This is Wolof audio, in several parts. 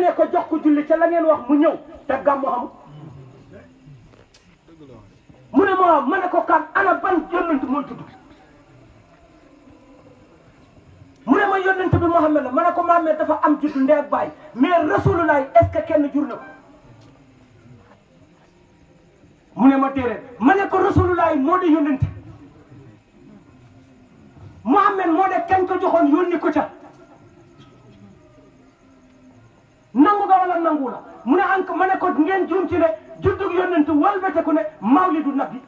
tànnee ko jox ko julli ca la ngeen wax mu ñëw te gàmmu amul mu ne ma ma ne ko kan ana ban yonent mooy tudd mu ne ma yonent bi Muhammad la ma ne ko Muhammad dafa am juddu ndee ak baay mais Rasulullah est-ce que kenn jur na ko mu ne ma déedéet ma ne ko Rasulullah moo di yonent Muhammad moo de kañ ko joxoon yónni ko ca nangu nga wala nangu la mu ne an ma ne ko ngeen juum ci ne wal yonent walbateku ne mawlidu nabi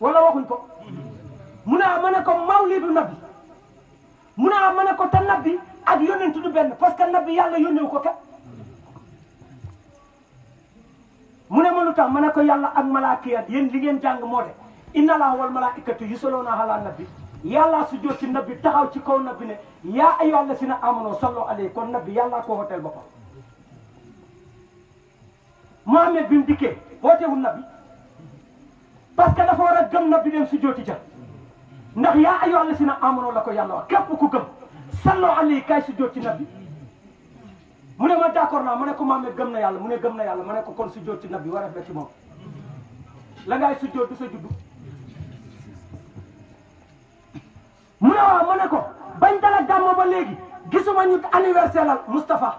wala waxuñ ko mu ne ah ma ne ko mawlidu nabi mu ne ah ma ne ko te nabi ak yonent du benn parce que nabi yàlla yónnewu ko kat mu ne ma lu tax ma ne ko yalla ak malaaka yi yéen li ngeen jàng moo de inna allaha wal malaikatu yusalluna ala nabi yàllaa su jot ci nabi taxaw ci kaw nabi ne yaa si lazina amanu sallu alayhi kon nabi yàllaa ko hotel boppam Mohamed bi mu dikkee hootewul nabi parce que dafa war a gëm nabi dem su jooti ja ndax yaa si lazina amanu la ko yàlla wax képp ku gëm sallu alayhi kay su jot ci mu ne ma d'accord naa mu ne ko Mohamed gëm na yàlla mu ne gëm na yàlla mu ne ko kon su jot ci nabi war a def ci moom la ngay su jot du sa juddu mu ne waaw mu ko bañ dala gàmm ba léegi gisuma ñu anniversaire la Moustapha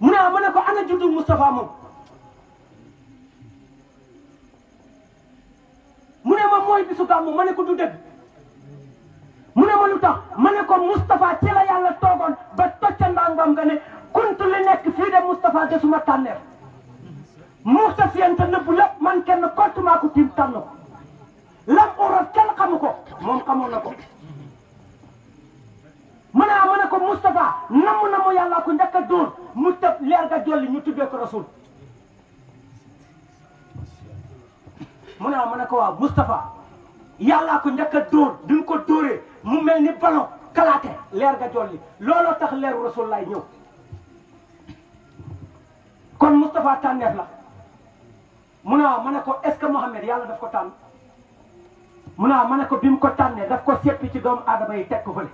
mu ne waaw ko ana juddu Moustapha moom mu ne ma mooy bisu gàmm ma ne ko du dëgg mu ne ma lu tax ma ne ko Moustapha ci la yàlla toogoon ba tocca ndàngam nga ne kuntu nekk fii de Moustapha de suma tànneef muxtasiyan te nëbbu man kenn kottumaa ko tiim lam oros kenn xamu ko moom xamoon na ko mën a mën a ko Moustapha namm na mu yàlla ko njëkk a dóor mu tëb leer ga jolli ñu tuddee ko rasul mu ne ma ne ko waaw Moustapha yàllaa ko njëkk a dóor duñ ko dóoree mu mel ni ballon kalaate leer ga jolli looloo tax leeru rasul lay ñëw kon Moustapha tànneef la mu ne waaw ma ko est ce que Mouhamed yàlla daf ko tànn mun naa ma ne ko bi mu ko tànnee daf ko seppi ci doomu aadama yi teg ko fële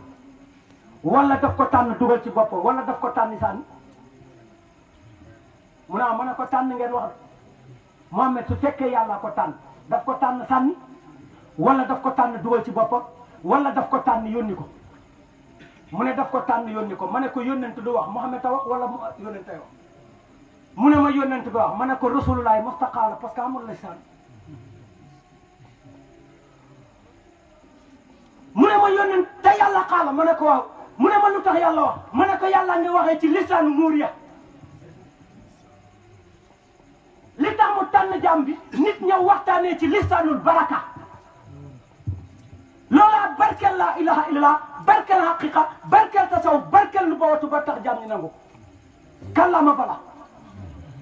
wala daf ko tànn dugal ci boppam wala daf ko tànn sànni mun naa ma ne ko tànn ngeen wax Mohamed su fekkee yàlla ko tànn daf ko tànn sànni wala daf ko tànn dugal ci boppam wala daf ko tànn yónni ko mu ne daf ko tànn yónni ko ma ne ko yónnent du wax Mohamed a wax wala yónnent ay wax mu ne ma yónnent bi wax ma ne ko rasulullah mustaqaala parce que amul lisaan mu ne ma yónneen te yàlla xaala ma ne ko waaw mu ne ma lu tax yàlla wax ma ne ko yàlla ngi waxee ci lisaanu muuriya li tax mu tànn jàmm bi nit ña waxtaanee ci lisaanul baraka loolaa barkeel laa ilaha illallah barkeel haqiqa barkeel tasawuf barkeel lu bawatu ba tax jàmm ñi nangu kàllaama bala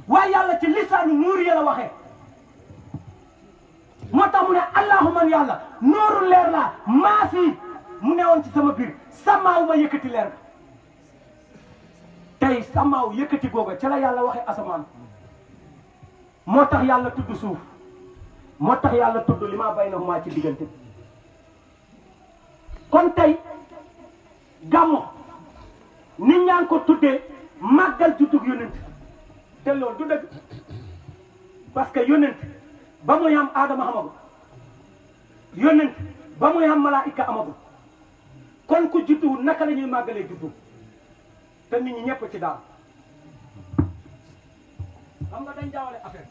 waaye yàlla ci lisaanu muuriya la waxee moo tax mu ne allahuma yàlla nooru leer laa maa fi mu newoon ci sama biir samaaw ma yëkkati leer bi tey samaaw yëkkati googa ca la yàlla waxee asamaan moo tax yàlla tudd suuf moo tax yàlla tudd li maa bay na maa ci diggante kon tey gàmmu nit ñaa ko tuddee màggal juddug yonent te loolu du dëgg parce que ba muy am aadama amagul yónent ba muy am malaayika amagul kon ku judduwul naka la ñuy màggalee juddu te nit ñi ñëpp ci daal xam nga dañ jaawale affaire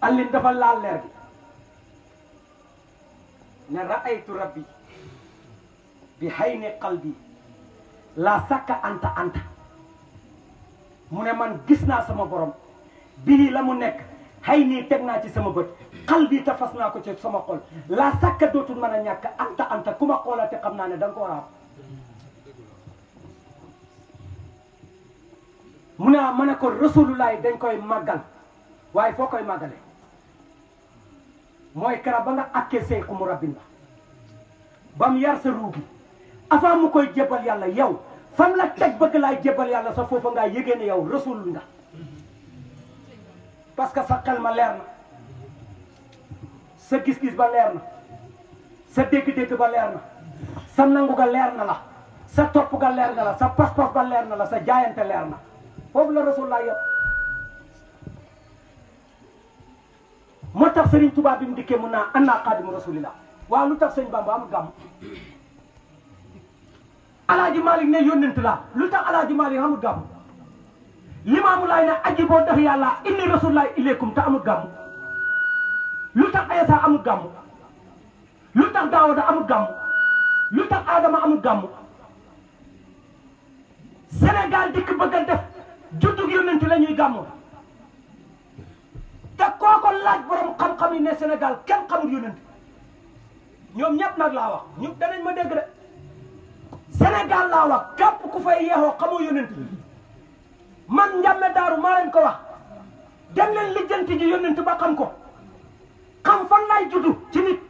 allin dafa laal leer bi ne raaytu rabbi bi xay ne qalbi laa sàkka anta anta mu ne man gis naa sama borom bii la mu nekk xëy ni teg naa ci sama bët xal bii te fas naa ko ci sama xol laa sàkka dootul mën a ñàkk anta anta ku ma xoolati xam naa ne da nga ko war mu naa mën a dañ koy màggal waaye foo koy màggale mooy kara ba nga àkkee say xumu rabbin ba ba mu yar sa ruugi avant mu koy jébal yàlla yow fam la teg bëgg laay jébal yàlla sa foofu ngaa yégée ne yow rasul nga parce que sa xel ma leer na sa gis-gis ba leer na sa dégg-dégg ba leer na sa nangu ga leer na la sa topp ga leer na la sa pas ba leer na la sa jaayante leer na foofu la rasulullah yopp moo tax Serigne Touba bi mu dikkee mun naa ana xaadimu rasulillah waaw lu tax sëñ Bamba am gàmm alaaji ne yónnent la lu tax alaaji Malick amul gàmm limaamu laay ne aji boo def yàlla inni rasulullah ilaykum te amul gàmm lu tax Aysa amul gàmm lu tax Daawuda amul gàmm lu tax aadama amul gàmm Sénégal dikk bëgg a def juddug yonent la ñuy gàmm te kooko laaj borom xam-xam yi ne Sénégal kenn xamul yonent ñoom ñëpp nag laa wax ñu danañ ma dégg de Sénégal laa wax képp ku fay yeexoo xamoo yonent man njàmme daaru maa ko wax dem leen lijjanti ji yónnent ba xam ko xam fan laay juddu ci nit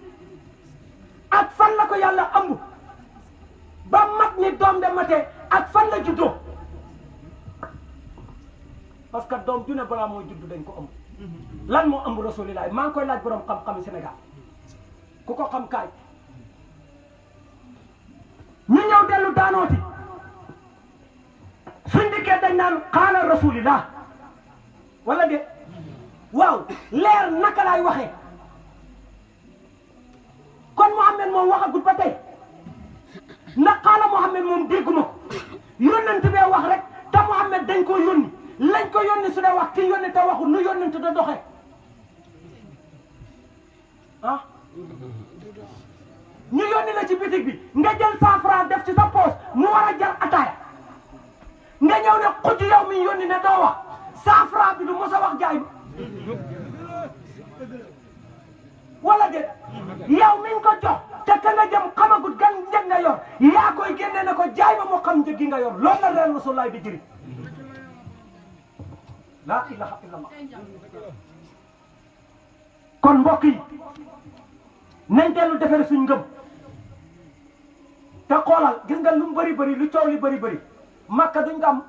ak fan la ko yàlla ambu ba mat ni doom de matee ak fan la juddoo parce que doom ju ne balaa mooy juddu dañ ko ambu lan moo ambu rasulillah maa ngi koy laaj borom xam-xam Sénégal ku ko xam kaay ñu ñëw dellu daanooti fekkee dañ naan xaala rasulillah wala de waaw leer naka laay waxee kon Mouhamed moom waxagul ba tey ndax xaala Mouhamed moom dégguma ko yónnante bee wax rek te Mouhamed dañ koo yónni lañ ko yónni su dee wax ki yónni te waxul nu yónnante da doxee ah ñu yónni la ci bitig bi nga jël cent franc def ci sa poche mu war a jar ataaya nga ñëw ne xuj yow mi yónni ne doo wax saafara bi du mos a wax jaay ma wala de yow mi ko jox te ka nga jëm xamagut gan njëg nga yor yaa koy génne ne ko jaay ma moo xam njëg gi nga yor loolu la leen rasulaay bi jëriñ kon mbokk yi nañ dellu defere suñ ngëm te xoolal gis nga lu mu bëri bëri lu coow li bëri bëri makka duñ gàmm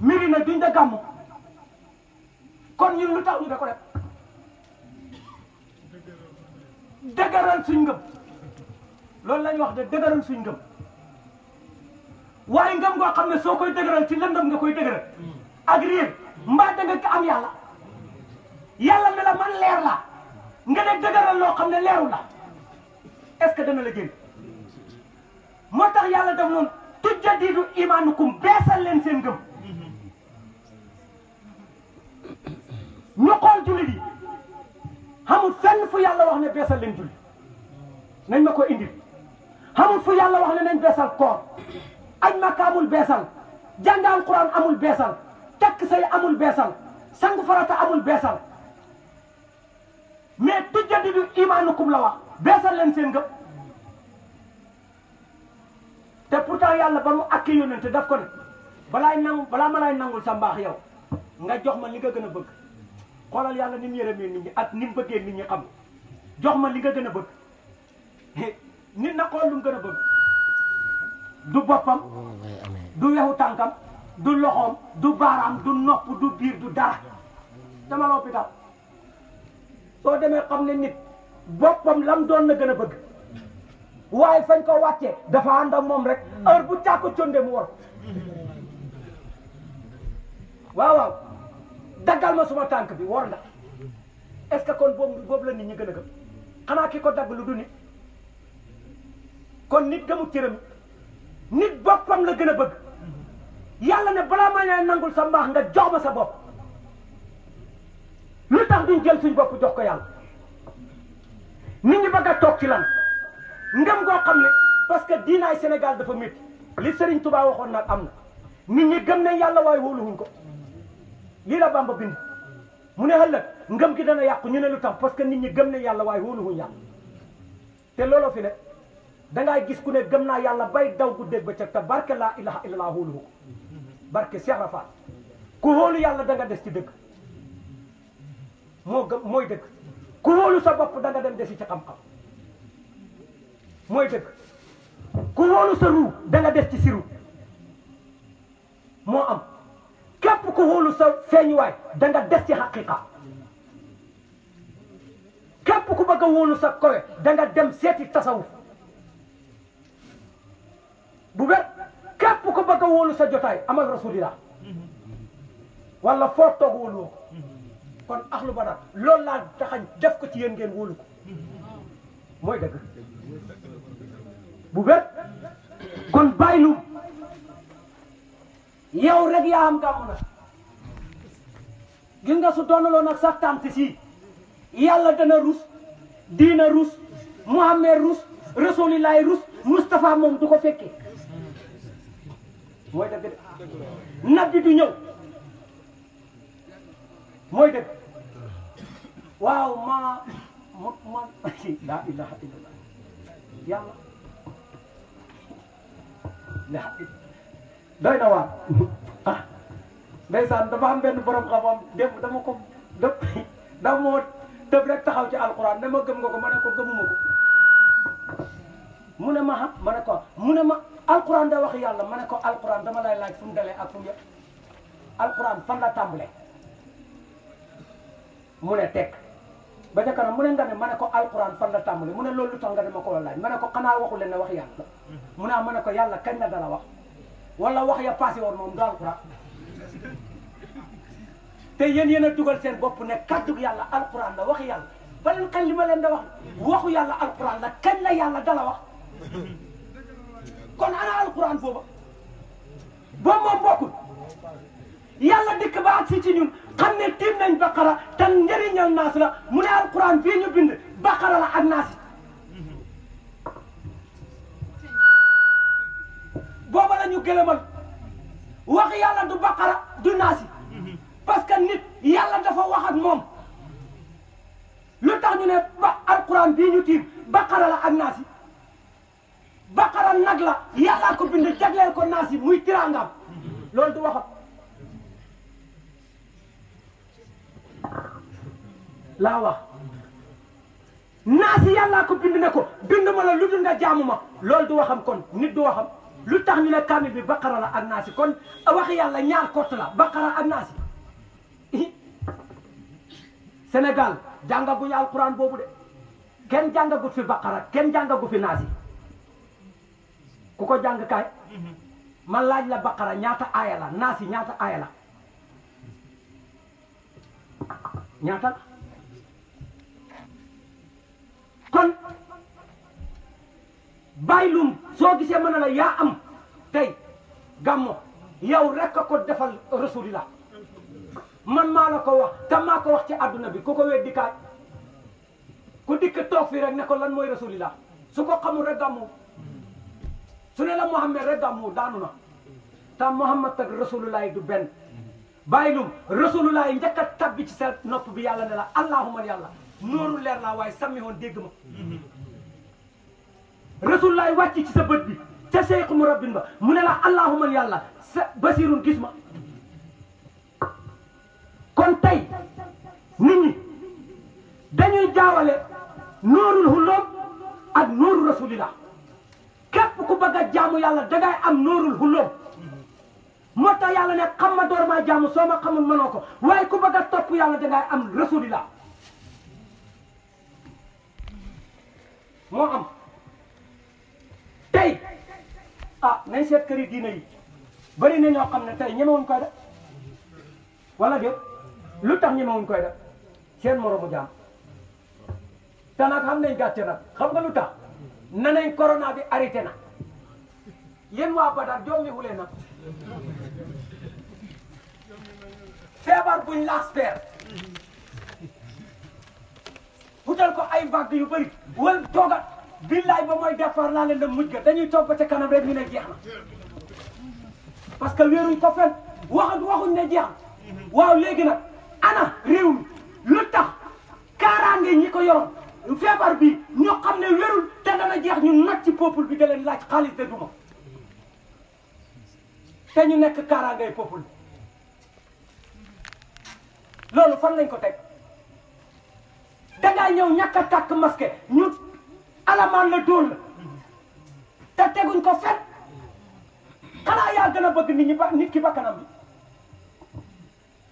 Medina duñ da gàmm kon ñun lu tax ñu da ko def dëgëral suñ ngëm loolu la wax de dëgëral suñ ngëm waaye ngëm goo xam ne soo koy dëgëral ci lëndëm nga koy dëgëral ak réer mbaa da nga am yàlla yàlla ne la man leer la nga ne dëgëral loo xam ne leeru la est-ce que dana la génn moo tax yàlla def noonu tujjadidu imaanukum beesal leen seen gëm ñu xool jullit yi xamul fenn fu yàlla wax ne beesal leen julli nañ ma ko indil xamul fu yàlla wax ne nañ beesal koor aj makka amul beesal jàngaan quran amul beesal takk say amul beesal sang farata amul beesal mais tujjadidu imaanukum la wax beesal leen seen gëm te pourtant yàlla ba mu akki yónnante daf ko ne balaay nangu balaa ma laay nangul sa mbaax yow nga jox ma li nga gën a bëgg xoolal yàlla ni mu yërëmee nit ñi ak ni mu bëggee nit ñi xam jox ma li nga gën a bëgg nit na xool lu gën a bëgg du boppam du wexu tànkam du loxoom du baaraam du nopp du biir du dara dama la hôpital soo demee xam ne nit boppam lam doon na gën a bëgg waaye fañ ko wàccee dafa ànd ak moom rek heure bu càkko conde mu war waaw waaw daggal ma suma tànk bi war na est-ce que kon boobu boobu la nit ñi gën a gëm xanaa ki ko dagg lu du nit kon nit gëmu cëram nit boppam la gën a bëgg yàlla ne balaa ma ne nangul sa mbaax nga jox ma sa bopp lu tax duñ jël suñ bopp jox ko yàlla nit ñi bëgg a toog ci lan ngëm goo xam ne parce que diinaay Sénégal dafa métti li Serigne Touba waxoon nag am na nit ñi gëm nañ yàlla waaye wóoluwuñ ko lii la Bamba bind mu ne ëllëg ngëm gi dana yàqu ñu ne lu tax parce que nit ñi gëm nañ yàlla waaye wóoluwuñ yàlla te looloo fi ne dangaay gis ku ne gëm naa yàlla bay daw gu dégg ba ca te barke laa ilaha illallah wóoluwu ko barke Cheikh Rafaal ku wóolu yàlla danga des ci dëgg moo gëm mooy dëgg ku wóolu sa bopp danga dem desi ci xam-xam mooy dëgg ku wóolu sa ruu da des ci si ruu moo am képp ku wóolu sa feeñuwaay danga nga des ci xaqiqa képp ku bëgg wóolu sa kowe danga nga dem seeti tasawuf bu wér képp ku bëgg wóolu sa jotaay amal rasulillah wala foo toog wóolu ko kon axlu badar loolu laa taxañ def ko ci yéen ngeen wóolu ko mooy dëgg bu wér kon bàyyilu yow rek yaa am gàmmu nag gis nga su doonaloo nag sa tante si yàlla dana rus diina rus Muhammed rus rasulilaay rus Moustapha moom du ko fekkee mooy dëgg de nabi du ñëw mooy dëgg waaw ma ma ma laa ilaha illallah doy na waar ah ndeysaan dafa am benn borom xam-xam démb dama ko dëpp moo tëb rek taxaw ci alxuraan ne ma gëm nga ko ma ne ko gëmuma ko mu ne ma xam ah, ma ne ko mu ne ma alxuraan da wax yàlla ma ne ko alxuraan dama lay laaj fu mu dalee ak fu mu yëpp fan la tàmbalee mu ne tekk ba ca kanam mu ne nga ne ma ko alquran fan la tàmbali mu ne tax nga dama ko laaj ma ne ko xanaa waxu len wax yàlla mu ne ko yàlla kañ na dara wax wala wax ya passé won mom dal quran te yéen yéen tugal sen bop ne kàddu yàlla alquran la wax yàlla bal kañ lima len da wax waxu yàlla alquran la kañ la yàlla dala wax kon ana alquran booba boo moom bokul yàlla dik ba ci ci ñun xam ne tiim nañ baqara te njëriñal naas la mu ne alquran fii ñu bind baqara la ak naas booba la ñu gëlëmal wax yàlla du baqara du naas parce que nit yàlla dafa wax ak moom lu tax ñu ne ba alquran bii ñu tiim baqara la ak naas yi baqara nag la yàllaa ko bind jagleel ko naas muy tiraangam loolu du waxat laa wax naasi yàllaa ko bind ne ko bind ma la lu dul nga jaamu ma loolu du waxam kon nit du waxam lu tax ñu ne kaamil bi baqara la ak naasi kon wax yàlla ñaar kott la baqara ak naasi Sénégal jàngaguñu alquran boobu de kenn jàngagut fi baqara kenn jàngagu fi naasi ku ko jàng kaay man laaj la baqara ñaata aaya la naasi ñaata aaya la ñaata kon bàyyi lum soo gisee mën na la yaa am tey gàmmo yow rek a ko defal rasulillah man maa la ko wax te maa ko wax ci àdduna bi ku ko weddi kaaj ku dikk toog fii rek ne ko lan mooy rasulillah su ko xamul rek gàmmu su ne la Muhammad rek gàmmu daanu na te Muhammad ak rasulullah du benn bàyyi lum rasulullah njëkk a tabbi ci sa nopp bi yàlla ne la allahumma yàlla noonu leer naa waaye sàmmi dégg ma rasulullaay wàcc ci sa bët bi ca seexu mu rabbin ba mu ne la allahuma yàlla sa basirun gis kon tey nit ñi dañuy jaawale noorul xulóob ak nooru rasulillah képp ku bëgg a jaamu yàlla dangay am noorul xulóob moo tax yàlla ne xam ma door maa jaamu soo ma xamul ko waaye ku bëgg a topp yàlla dangay am rasulillah moo am tey ah nañ seet këri diina yi bëri na ñoo xam ne tey ñemewuñ koy def wala déet lu tax ñemewuñ koy def seen moromu jaam te nag xam nañ gàcce nag xam nga lu tax na nañ corona bi arrêté na yéen waa Badar jommi wulee na feebar buñ laas peer wutal ko ay vagues yu bari wala tooga billaay ba mooy départ laa leen dem mujj ga dañuy toog ba ca kanam rek ñu ne jeex na parce que wéeruñ ko fen wax waxuñ ne jeex wa waaw léegi nag ana réew mi lu tax kaaraange ñi ko yoroon feebar bi ñoo xam ne wérul te dana jeex ñu nag ci peuple bi da leen laaj xaalis de duma te ñu nekk kaaraangay peuple loolu fan lañ ko teg dangaa ñëw ñàkk a tàkk masque ñu alamaan la dóor la te teguñ ko fet xanaa yaa gën a bëgg nit ñi ba nit ki bakkanam bi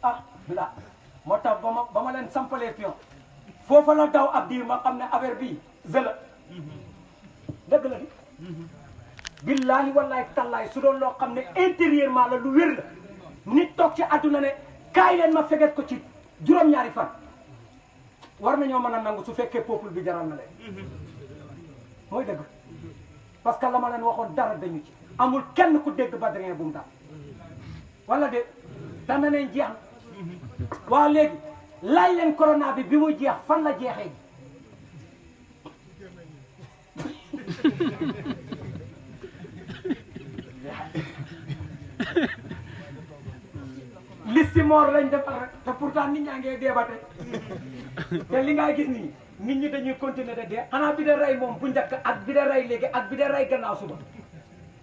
ah bila moo tax ba ma ba ma leen sampalee pion foofa la daw ab diir ma xam ne affaire bii zëla dëgg la di billaahi wallaahi tallaahi su doon loo xam ne intérieurement la lu wér la nit toog ci àdduna ne kaay leen ma feget ko ci juróom-ñaari fan war nañoo mën a nangu su fekkee peuple bi jaral na leen mooy dëgg parce que lama leen waxoon dara dañu ci amul kenn ku dégg badrin bu mu daal wala de dana leen jeex waaw léegi laaj leen corona bi bi mu jeex fan la jeexee listi si moor lañ defal rek te pourtant nit ñaa ngee deebate te li ngaa gis nii nit ñi dañuy continuer de dee xanaa bi da rey moom bu njëkk ak bi da rey léegi ak bi da rey gannaaw suba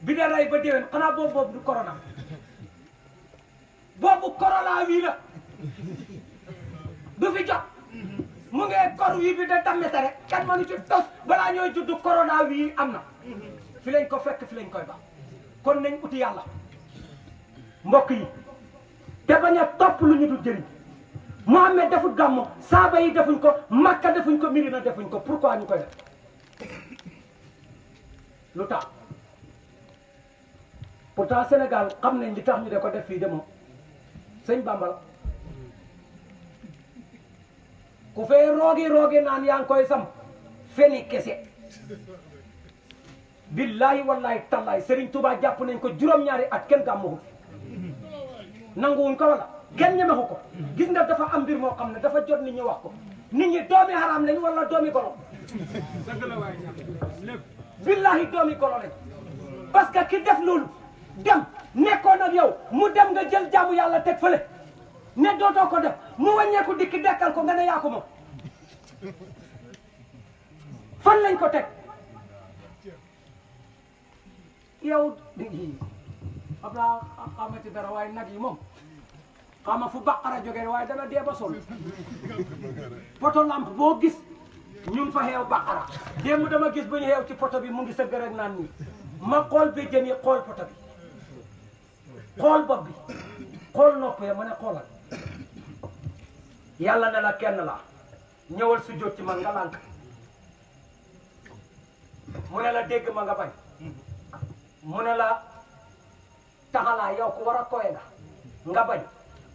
bi da rey ba déwén xanaa boobu boobu du corona boobu corona wii la du fi jot mu ngee kor wii bi da dammete rek kenn mënu ci tos balaa ñooy juddu corona wii am na fi lañ ko fekk fi lañ koy ba kon nañ uti yàlla mbokk yi te bañ topp lu ñu jëriñ Mouhamed deful gàmmu saaba yi defuñ ko Makka defuñ ko Medina defuñ ko pourquoi ñu koy def lu tax pourtant senegal xam nañ li tax ñu de ko def fii de moom sëñ Bamba ku fee roogi roogi naan yaa ngi koy sam feni kese billahi wallahi tallahi Serigne Touba jàpp nañ ko juróom-ñaari at kenn gàmmu ko nanguwuñ ko wala kenn ñemeku ko gis nga dafa am mbir moo xam ne dafa jot nit ñi wax ko nit ñi doomi haram lañ wala doomi golo billahi doomi golo lañ parce que ki def loolu dem nekkoo ak yow mu dem nga jël jaamu yàlla teg fële ne dootoo ko def mu wàññeeku dikki dekkal ko nga ne yaa moom fan lañ ko teg yow di abla xamati dara waaye nag yi moom xama fu baqara jógee waaye dama dee ba sol poto lampe boo gis ñun fa xeew baqara démb dama gis ba ñu xeew ci poto bi mu ngi sëgg rek naan nii ma xool bi jën yi xool poto bi xool bopp bi xool nopp ya ma xoolal yàlla ne la kenn la ñëwal su jot ci man nga lànk mu ne la dégg ma nga bañ mu ne la taxalaa yow ku war a koy nga nga bañ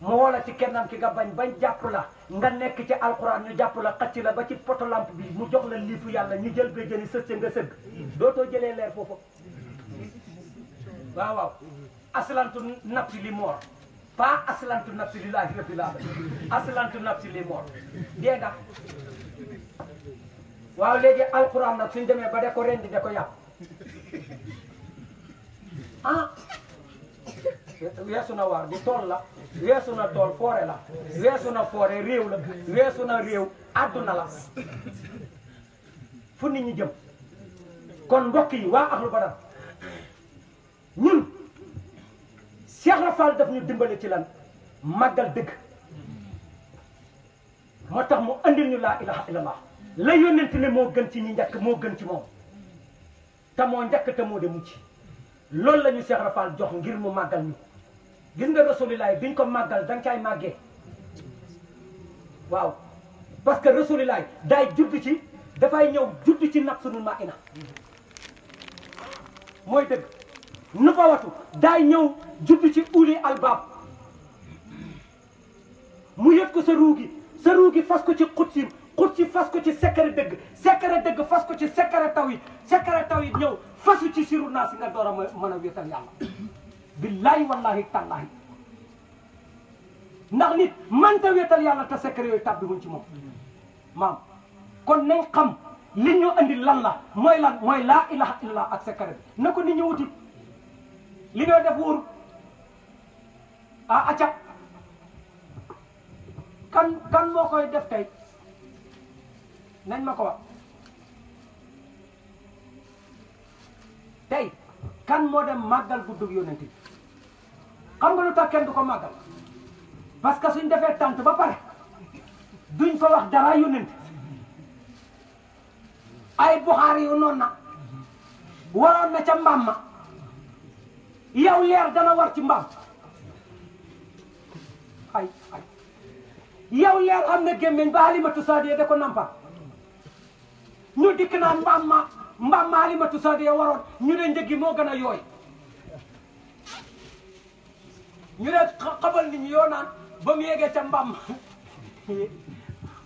moo la ci kennam ki nga bañ bañ jàpp la nga nekk ci alquran ñu jàpp la xacc la ba ci poto lampe bi mu jox la liifu yàlla ñu jël ba jëli sëcc nga sëgg dootoo jëlee leer foofu waaw waaw aslantu nafsi li moor pas aslantu nafsi lillahi rabbil alamin aslantu nafsi li moor dee nga waaw léegi alquran nag suñ demee ba de ko rendi de ko yàpp ah weesu na waar di tool la weesu na tool foore la weesu na réew la weesu na réew àdduna la fu nit ñi jëm kon mbokk yi waa Ahlu Badar ñun Cheikh Ibra daf ñu dimbale ci lan màggal dëgg moo tax mu andil ñu laa ilaha illallah la yónnent ne moo gën ci ñi njëkk moo gën ci moom te moo njëkk te moo de mucc loolu la ñu Cheikh jox ngir mu màggal ñu gis nga rasulilaay duñ ko màggal danga caay màggee waaw parce que rasulilaay daay judd ci dafay ñëw judd ci nag sunu ma ina mooy dëgg nu fa watu daay ñëw judd ci uli albaab mu yëg ko sa ruugi sa ruugi fas ko ci xutsim xut si fas ko ci sekkare dëgg sekkare dëgg fas ko ci sekkare taw yi sekkare taw yi ñëw fasu ci siru naa si nga door a mën a wéetal billahi wallahi tallahi ndax nit manta weetal yàlla te secret yooyu tàbbi wuñ ci moom maam kon nañ xam li ñu andi lan la mooy lan mooy laa ilaha illallah ak secret bi na ko nit ñu wuti li ñoo def wóor a ah, acca kan kan moo koy def tey nañ ma ko wax tey kan moo dem màggal guddug yónent bi xam nga lu tax du ko màggal parce que suñ defee tànt ba pare duñ fa wax dara yonent ay buxaar yu noon na waroon na ca mbaam ma yow leer dana war ci mbaam ay ay yow leer am na gémmiñ ba Halimatu Saadiya da ko nampal ñu dikk naan mbaam ma mbaam ma Halimatu Saadiya waroon ñu ne njëg gi moo gën a yooy ñu ne xabal nit ñi yoo naan ba mu yeggee ca mbaam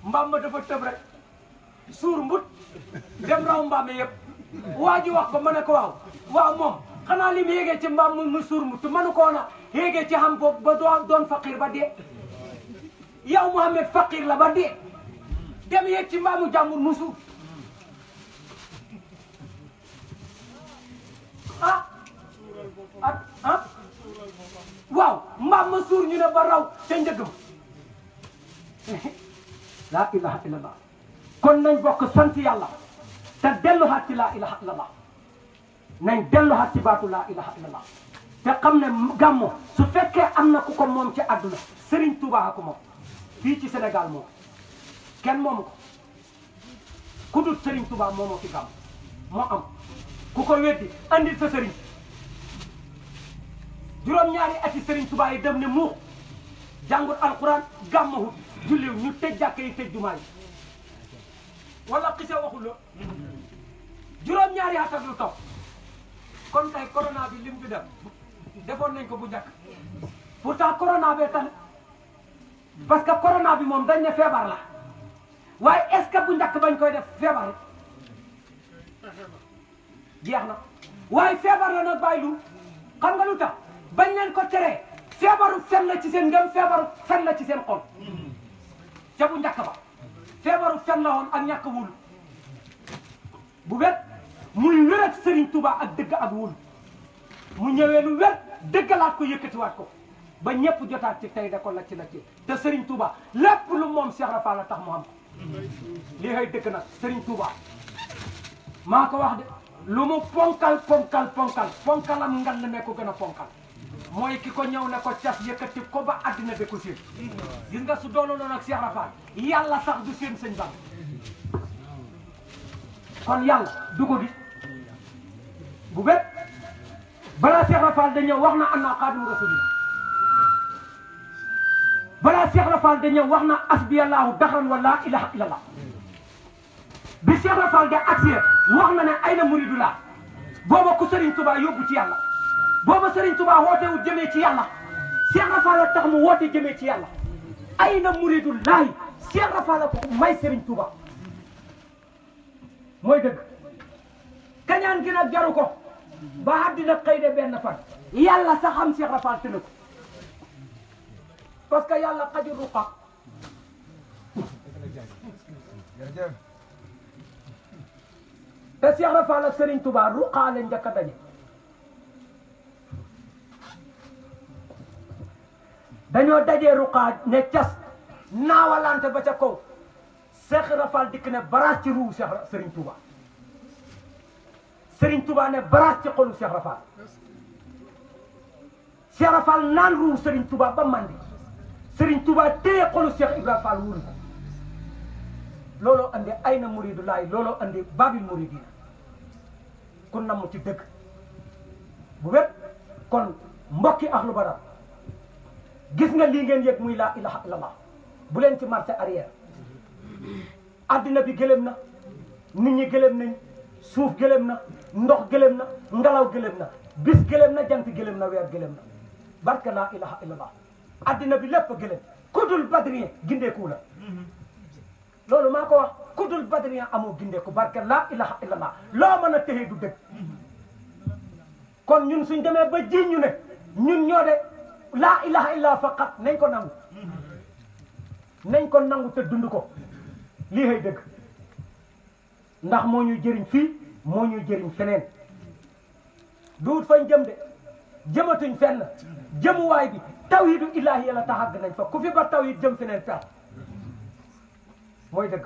mbaam ma dafa tëb rek suur mbut dem raw mbaam yëpp waa ji wax ko ma ne ko waaw waaw moom xanaa li mu yeggee ci mbaam mu suur mbut ma koo na yeggee ci xam boobu ba doon doon ba dee yow Mouhamed faqir la ba dee dem yegg ci mbaamu jàmbur mu suur ah ah, ah. waaw mbaam ma suur ñu ne ba raw ca njëgg ma laa ilaha illallah kon nañ bokk sant yàlla te delluwaat ci laa ilaha illallah nañ delluwaat ci baatu laa ilaha illallah te xam ne gàmmo su fekkee am na ku ko moom ci àdduna Serigne Touba ko moom fii ci Sénégal moom kenn moomu ku dul Serigne Touba moomoo fi gàmm moo ku ko weddi andil sa Serigne. juróom-ñaari ati Serigne Touba yi dem ne muux jàngut alxuraan gàmmahut julliw ñu tëj jàkka yi tëj jumaa yi wala xise waxul la juróom-ñaari at ak lu kon tey corona bi lim bi dem defoon nañ ko bu njëkk pourtant corona bee tan parce que corona bi moom dañ ne feebar la waaye est bu njëkk bañ koy def feebar jeex na waaye feebar la nag bàyyi lu xam nga lu tax. bañ leen ko tere feebaru fen la ci seen ngëm feebaru fen la ci seen xol ca bu njëkk ba feebaru fen la woon ak ñàkk wul bu wet muy wérat sëriñ Touba ak dëgg ak wul mu ñëwee lu wet dëggalaat ko yëkkatiwaat ko ba ñëpp jotaat ci fey da ko lacc lacc te Serigne Touba lépp lu moom Cheikh Rafa la tax mu am ko lii xëy dëkk nag Serigne Touba maa ko wax de lu mu ponkal ponkal ponkal ponkalam ngan ne ko gën a ponkal mooy ki ko ñëw ne ko cas yëkkati ko ba àddina de ko seen gis nga su doonoon ak Cheikh Rafal yàlla sax du seen sëñ Bamba kon yàlla du ko gis bu bet balaa Cheikh Rafal da ñëw wax na ana xaadimu rasulillah balaa Cheikh Rafal da ñëw wax na asbiyallahu daxran wa laa ilaha illallah bi Cheikh Rafal de agsi wax na ne ay na muridu laa booba ku Sëriñ Tuubaa yóbbu ci yàlla بابا سرين تبا هوتي وجمي تي يالا سيان رفالة تغم هوتي جمي تي يالا أين مريد الله سيان رفالة ماي سرين تبا موي دك كان يان كنا جاروكو با حد دا قيد بين نفر يالا سخم سيان رفالة تنك باسكا يالا قدر رقا بس يعرف على سرين تبا رقا لنجا كتاني dañoo dajee ruqaa ne cas naawalante ba ca kaw Cheikh Rafal dikk ne baraas ci ruu Cheikh Serigne Touba Serigne Touba ne baraas ci xolu Cheikh Rafal Cheikh Rafal naan ruu Serigne Touba ba mandi Serigne Touba téye xolu Cheikh Ibrahima Fall wóolu ko looloo andi ay na muridu laay looloo muridina ku namm ci dëgg bu wépp kon mbokki axlu badar gis nga lii ngeen yëg muy laa ilaha illallah bu leen ci marché arrière addina bi gëlëm na nit ñi gëlëm nañ suuf gëlëm na ndox gëlëm na ngelaw gëlëm na bis gëlëm na jant gëlëm na weer gëlëm na barke laa ilaha illallah addina bi lépp gëlëm kudul badrien gindeeku la loolu maa ko wax kudul badrien amoo gindeeku barke laa ilaha illallah loo mën a téye du dëgg kon ñun suñ demee ba ji ñu ne ñun ñoo de laa ilaha illa faqat nañ ko nangu nañ ko nangu te dund ko lii hay dëgg ndax moo ñuy jëriñ fii moo ñuy jëriñ feneen duut fañ jëm de jëmatuñ fenn jëmuwaay bi tawhidu illaahi yàlla taxàgg nañ fa ku fi ba tawhid jëm feneen taal mooy dëgg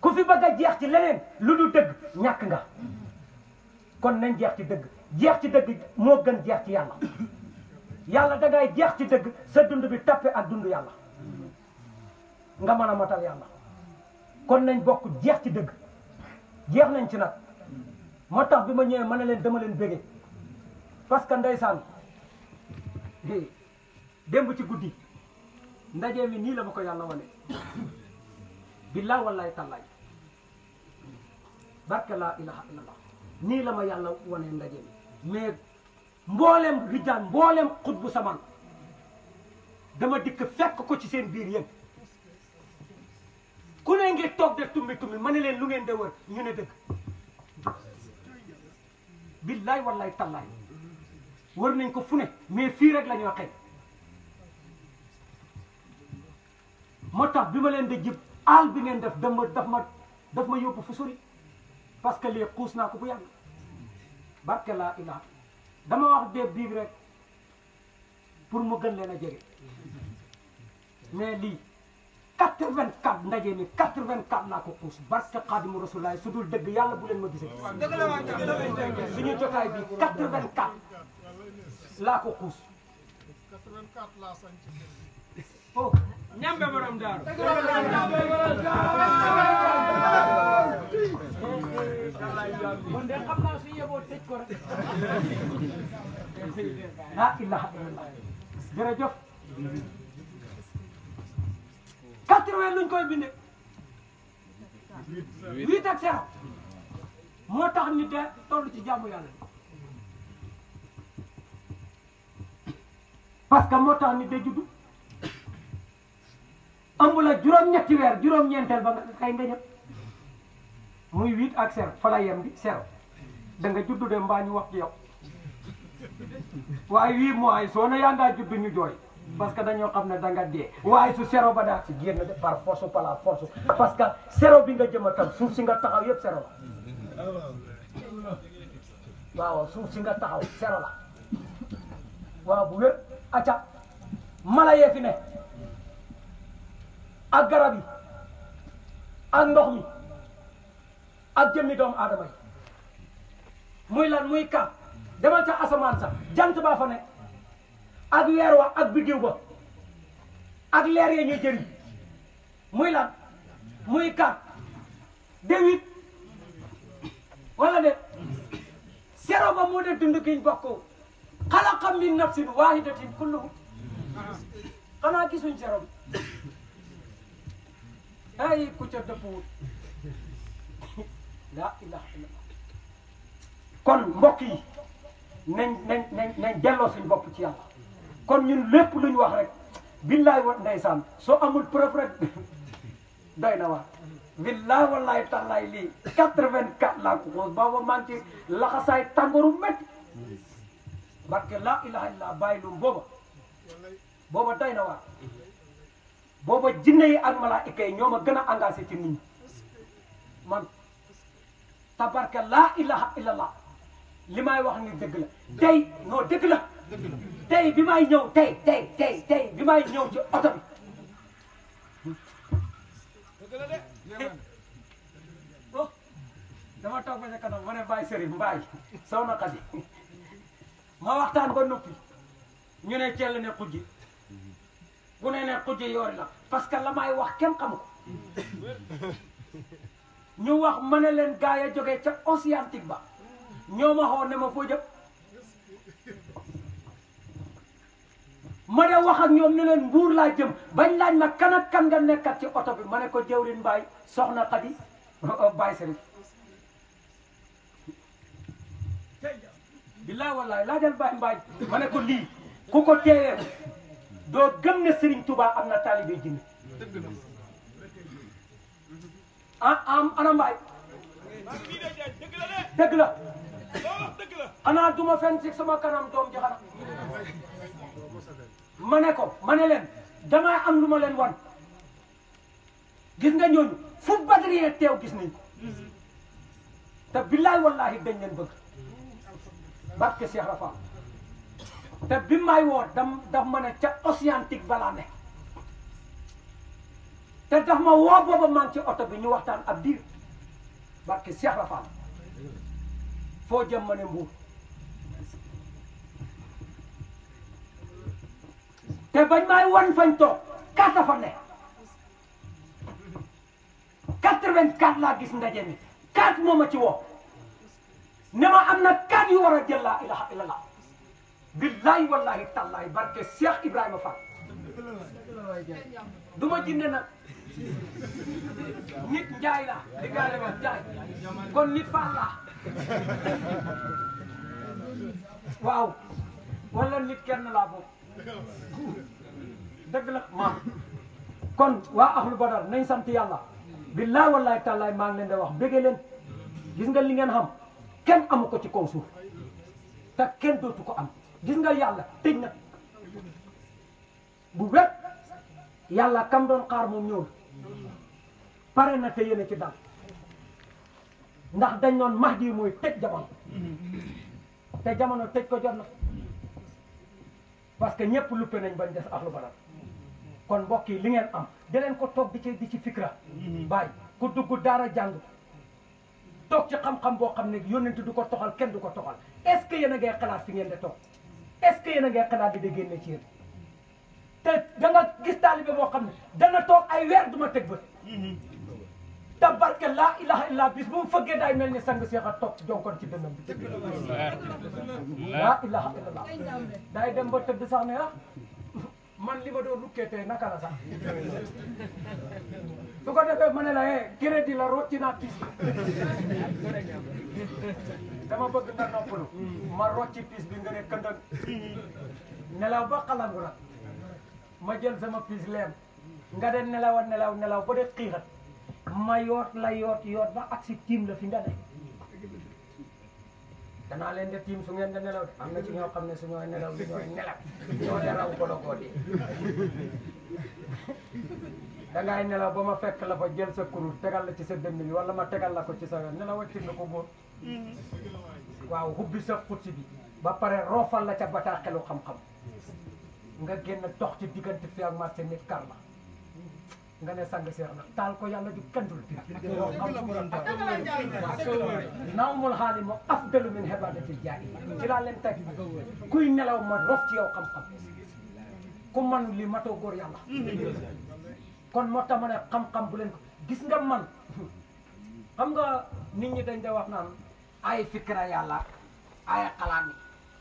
ku fi bëgg a jeex ci leneen lu dul dëgg ñàkk nga kon nañ jeex ci dëgg jeex ci dëgg moo gën jeex ci yàlla yàlla da jeex ci dëgg sa dund bi tappe ak dund yàlla nga mën a matal yàlla kon nañ bokk jeex ci dëgg jeex nañ ci nag moo tax bi ma ñëwee ma ne leen dama leen bége parce que ndeysaan démb ci guddi ndaje mi nii la ma ko yàlla wane billaa wallaay tallaay barke laa ilaha illallah nii la ma yàlla wane ndaje mi mboolem rijaan mboolem bu saman dama dikk fekk ko ci seen biir yéen ku ne ngi toog de tumbi ma ne leen lu ngeen de wër ñu ne dëgg billaay wallaay tallaay wër nañ ko fu ne mais fii rek la ñu waxee moo tax bi ma leen di jib aal bi ngeen def daf ma daf ma daf ma yóbbu fu sori parce que lii xuus naa ko bu yàgg barke laa ilaa dama wax déeb biig rek pour mu gën leen a jege mais lii quatre-vingt-quatre ndaje mi quatre-vingt-quatre laa ko puus barke xaadimu rasulaay su dul dëgg yàlla bu leen ma gisee suñu jotaay bi quatre-vingt-quatre laa ko puus oh ñambe borom daaru kon de xam naa su yeboo tëj ko rek la ilaha illallah jërëjëf quatre-vingt luñ koy binde huit ak zéro moo tax ñu de tol ci jàmm yàlla parce que moo tax ñu de juddu ëmb la juróom-ñetti weer juróom ñentel ba nga kay nga ñëpp muy 8 ak ser fa la yem di ser da nga juddu de mbaa ñu wax ci yow waaye huit mois so na yaa ngaa juddu ñu joy parce que dañu xamne da nga dé waaye su sero ba da ci génn de par force pas la force parce que sero bi nga jëma tam suuf si nga taxaw yépp sero la waaw suuf si nga taxaw sero la waaw bu wér acca mala yé fi ne ak garab yi ak ndox mi ak jëmmi doomu aadama muy lan muy ka demal ca asamaan sa jant baa fa nekk ak weer wa ak biddiw ba ak leer ya ñuy jëriñ muy lan muy ka déwit wala ne sero ba moo de dund kiñ bokk xalaqa min nafsin waahidatin kulluhu xanaa gisuñ sero ay ku ca dëppwut laa ilaha illallah kon mbokk yi nañ nañ nañ nañ delloo suñu bopp ci yàlla kon ñun lépp lu ñu wax rek billaay wa ndeysaan soo amul preuve rek doy na waar billaay wallaay tallaay lii quatre-vingt-quatre laa ko xoos booba man ci laxasaay tàngooru métti barke laa ilaha illallah bàyyi lu booba booba doy booba jinne yi ak malaayika yi ñoo ma gën a engagé ci nit man tabarka laa ilaha illallah li may wax ni dëgg la tey non dëgg la tey bi may ñëw tey tey tey bi may ñëw ci oto bi oh, dama toog ba sa kanam ma ne Baye Serigne Mbaye sow na xadi ma waxtaan ba noppi ñu ne cell ne xujji bu ne ne xujj yoori la parce que la may wax kenn xamu ko ñu wax ma ne leen gaa yi a jógee ca Océantique ba ñoo ma ne ma foo jëm ma de wax ak ñoom ñu leen mbuur laa jëm bañ laaj ma kan ak nga nekkat ci oto bi ma ne ko jëwrin Mbaye soxna Xadi oh, oh, Baye Serif billaay wallaay laajal Baye Mbaye ma ne ko lii ku ko teewee doo gëm ne Serigne am na taalibe jinne ah am ana mbaay dëgg la xanaa duma fenn sama kanam doom ji xanaa ma ne ko ma ne leen damaa am lu ma leen wan gis nga ñooñu fu badriye teew gis nañ ko te billaay wallaahi dañ leen bëgg barke Cheikh Rafa te bi may woo dam daf ma ne ca Océantique balaa ne te daf ma woo booba man ci oto bi ñu waxtaan ab diir barke Cheikh la Fall foo jëm ma ne mbuur te bañ may wan fañ toog kasa fa ne quatre-vingt-quatre laa gis ndaje mi quatre moom a ci woo ne ma am na quatre yu war a jël laa ilaha illallah billaay wallahi tallaay barke Cheikh Ibrahima Fall du ma jinne na nit njaay la kon nit Fall la waaw wala nit kenn laa boobu dëgg la ma kon waa ahlu badar nañ sant yàlla billaay wallahi tallaay maa ngi leen di wax bégee leen gis nga li ngeen xam kenn amu ko ci kaw suuf te kenn dootu ko am gis nga yalla tej na bu wet yalla kam doon xaar mom ñoo paré na te yene ci dal ndax dañ non Mahdi moy tej jamono te jamono tej ko jot na parce que ñëpp luppe nañ bañ akhlu baral kon mbokk yi li ngeen am di leen ko toog di ci di ci fikra bay ku dugg dara jang tok ci xam-xam bo xamne yonent du ko toxal ken du ko toxal est-ce que yene ngay xalaat fi ngeen de tok est-ce que yéen a bi di génne ci te da nga gis taalibe boo xam ne dana toog ay weer duma teg bët te barke laa ilaha illa bis bu mu fëggee day mel ni sang seex a toog jonkoon ci bi laa ilaha illallah day dem ba tëdd sax ne ah li ma doon lukkee tey naka la sax su ko defee ma ne la eh crédit la root ci naa dama bëgg nga noppalu ma rocci piis bi nga ne këndëg nelaw ba xalangu nag ma jël sama piis leem nga de nelaw a nelaw nelaw ba de xiixat ma yoot la yoot yoot ba agsi tiim la fi nga ne danaa leen de tiim su ngeen de nelaw de am na ci ñoo xam ne su ñooy nelaw di ñooy nelaw ñoo de raw kolokoo di dangay nelaw ba ma fekk la fa jël sa kurus tegal la ci sa dënn bi wala ma tegal la ko ci sa nelaw a tiim la ko góor waaw hubbi sa xutsi bi ba pare roofal la ca bataaxelu xam-xam nga génn dox ci diggante fi ak marché nit kar la nga ne sang seex na taal ko yàlla di kandul bi na xam naamul xaali mo afdalu min hebadatil jaayi ci laa leen teg kuy nelaw ma rof ci yow xam-xam ku man li matoo góor yàlla kon moo tax ma ne xam-xam bu leen ko gis nga man xam nga nit ñi dañ da wax naan ay fikra yàlla ay xalaat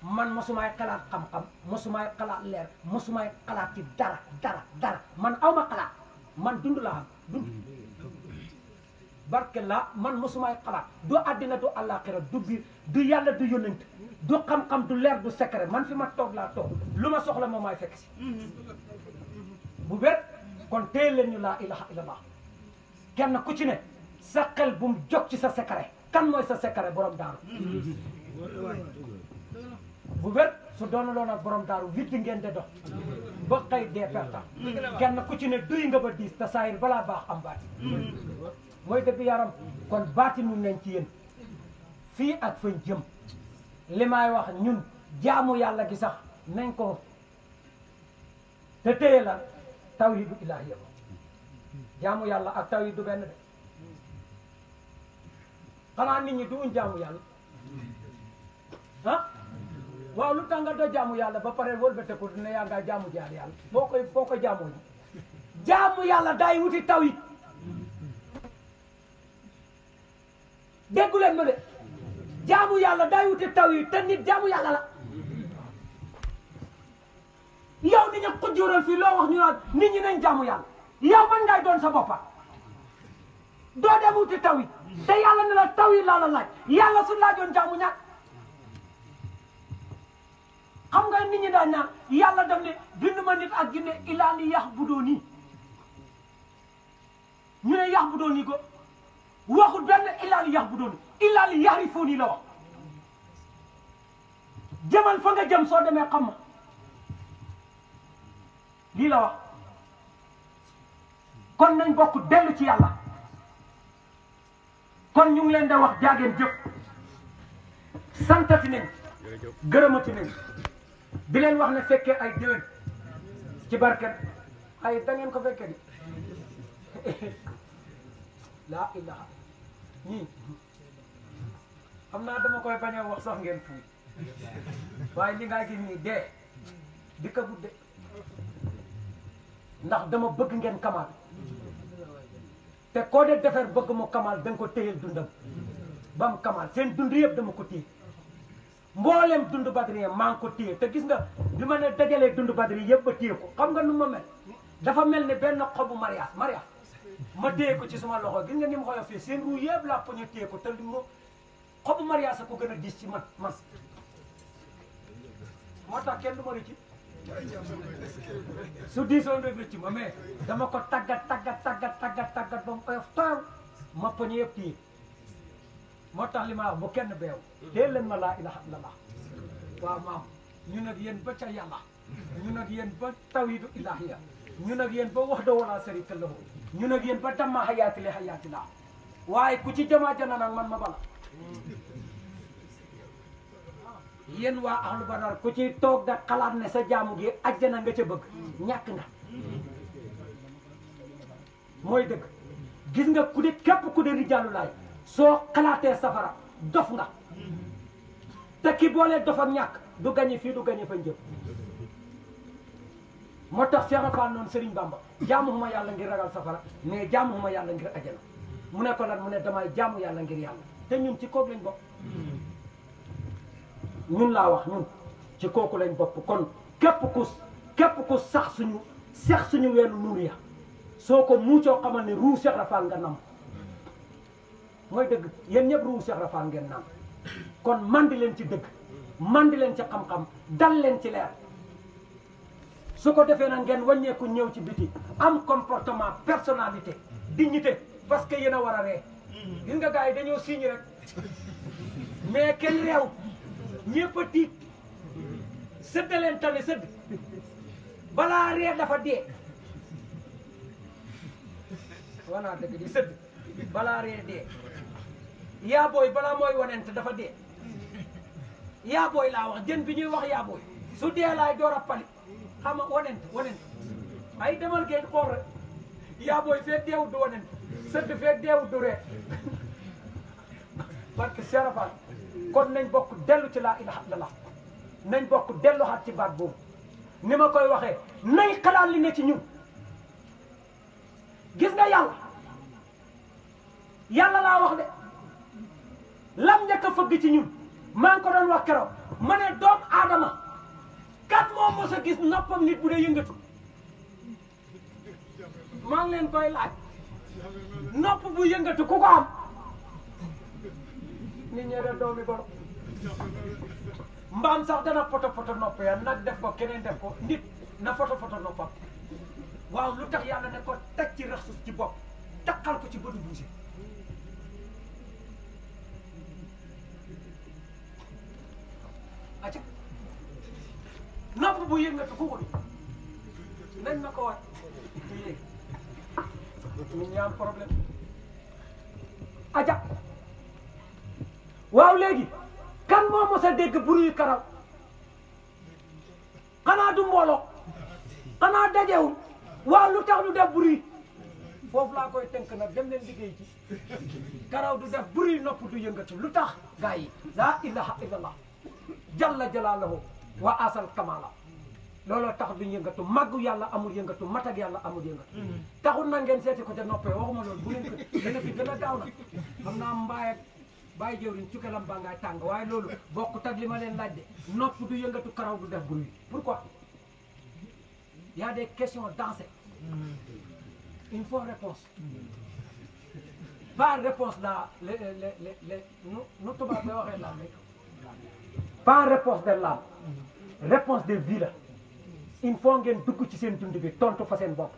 man mosumaay xalaat xam-xam mosumaay xalaat leer mosumaay xalaat ci dara dara dara man awma xalaat man dund laa xam dund barke la man mosumaay xalaat du àddina du àllaaxira du biir du yàlla du yónnent du xam-xam du leer du secret man fi ma toog laa toog lu ma soxla moom may fekk si bu wér kon téye leen ñu laa ilaha illallah kenn ku ci ne sa xel bu mu jóg ci sa secret kan mooy sa secret borom daaru bu wér su doonaloon ak borom daaru witti ngeen de dox ba xëy dee perta kenn ku ci ne duy nga ba diis te saayir balaa baax am baati mooy dëgg yaram kon baati nun nañ ci yéen fii ak fañ jëm li maay wax ñun jaamu yàlla gi sax nañ ko te téye la tawhidu ilaahi jaamu yàlla ak tawhid du benn xanaa ni ñi duñ jaamu yàlla ah waaw lu tax doo jaamu yàlla ba pare wëlbate ko dina yaa ngaa jaamu jaar yàlla boo koy boo ko jaamoo ji jaamu yàlla day wuti taw yi déggu leen ma de jaamu yàlla day wuti taw yi te nit jaamu yàlla la yow ni ñu xujjural fii loo wax ñu naan nit ñi nañ jaamu yàlla yow man ngay doon sa boppa doo dem wuti taw yi te yàlla ne la taw yi la laaj yàlla su laajoon jaamu ñàkk xam nga nit ñi daan naan yàlla daf ne bind ma nit ak jinne ilaa li yax bu doon ñu ne yax bu doon nii ko waxul benn ilaa li yax bu doon ilaa foo nii la wax jëmal fa nga jëm soo demee xam ma lii la wax kon nañ bokk dellu ci yàlla kon ñu ngi leen da wax jaageen jëf santati nañ gërëmati nañ di leen wax ne fekkee ay déwén ci barket ay tangeen ngeen ko fekkee di laa ilaha ñii xam naa dama koy bañ a ngeen fuuy waaye li ngay gis nii dee di ko budde dama bëgg ngeen kamal te ko dee defar bëgg mu kamal da ko téyel dundam bam kamal seen dund yëpp dama ko téye mboolem dund badri ma ko téye te gis nga bi ma ne dajalee dund badri yëpp ba téye ko xam nga nu ma mel dafa melni ni xobu mariage mariage ma téye ko ci suma loxo gis nga nim mu xoyo fii seen ruu yëpp laa poñu téye ko te li mu xobu mariage a ko gëna a gis ci man man moo tax kenn du ma ci su diisoon rek rëcc ma mais dama ko tàggat tàggat tàggat tàggat tàggat ba mu oyof taaw ma poñe yëpp yi moo tax li bu kenn beew dee leen ma laa ilaha illallah waaw maam ñu nag yéen ba ca yàlla ñu nag yéen ba tawhidu ilahiya ñu nag yéen ba wax da walaa sarika lahu ñu nag yéen ba damma hayaati li hayaati laa waaye ku ci jamaa ja nag man ma bala yéen waa am ahlu badar ku ci toog da xalaat ne sa jaamu gi ajjana nga ca bëgg ñàkk nga mooy dëgg gis nga ku de képp ku de rijaalu laay soo xalaatee safara dof nga te ki boolee dof ñàkk du gañe fii du gañe fa njëm moo tax Cheikh Fall sëriñ Serigne Bamba jaamuhuma yàlla ngir ragal safara mais jaamuhuma yàlla ngir ajjana mu ne ko lan mu ne damay jaamu yàlla ngir yàlla te ñun ci koob lañ bokk ñun la wax ñun ci koku lañ bop kon kep ku kep ku sax suñu sax suñu wénu nuur ya soo ko muucoo xamal ne ruu sex rafaal nga nam moy deug yeen ñep ruu cheikh rafal ngeen nam kon mandi len ci dëgg mandi len ci xam-xam dal len ci leer suko defé na ngeen ngeen wàññeeku ñew ci biti am comportement personnalité dignité parce que yena wara ré a ree gis nga signé rek mais quel rew ñëpp a tiit sëdd leen sëdd balaa reer dafa dee wanaa dëgg di sëdd balaa reer dee yaa booy balaa mooy wanent dafa dee yaa booy laa wax jën bi ñuy wax yaa su dee laay door a pali xam nga wanent wanent ay demal geen xool rek yaa fee deewut du wanent sëdd fee deewut du reer parce que kon nañ bokk dellu ci laa ilaha illallah nañ bokk delluwaat ci baat boobu ni ma koy waxee nañ xalaat li nga ci ñun gis nga yàlla yàlla laa wax de lam njëkk fëgg ci ñun maa ngi ko doon wax keroog ma ne doom aadama kat moom mos a gis noppam nit bu dee yëngatu maa ngi leen koy laaj nopp bu yëngatu ku ko am nit ñee doomi golo mbaam sax dana poto poto nopp ya nag def ko keneen def ko nit na foto foto noppam waaw lu tax yàlla ne ko teg ci rax suuf ci bopp takkal ko ci bëtu buuse acca nopp bu yëngatu ku ko di nañ ma ko wat bu yëg ñu ñaam problème acca waaw léegi kan moo mos a dégg bruit karaw xanaa du mbooloo xanaa dajewul waaw lu tax du def bruit foofu laa koy tënk nag dem leen liggéey ci karaw du def bruit nopp du yëngatu lu tax gaa yi laa ilaha illallah jalla jalaaluhu wa asal kamala looloo tax duñ yëngatu màggu yàlla amul yëngatu mat ak yàlla amul yëngatu mm-hmm. taxul na ngeen seeti ko ca noppee waxuma loolu bu leen ko dana fi gën a gaaw nag xam bàyyi jëwriñ ci kalam baa ngay tàng waaye loolu bokkut ak li ma leen de nopp du yëngatu karaw du def bruit pourquoi il y a des questions dansées une fois réponse pas réponse la le le le nu nous tubaab ba waxee laam rek par réponse de laam réponse de vie là une fois ngeen dugg ci seen dund bi tontu fa seen bopp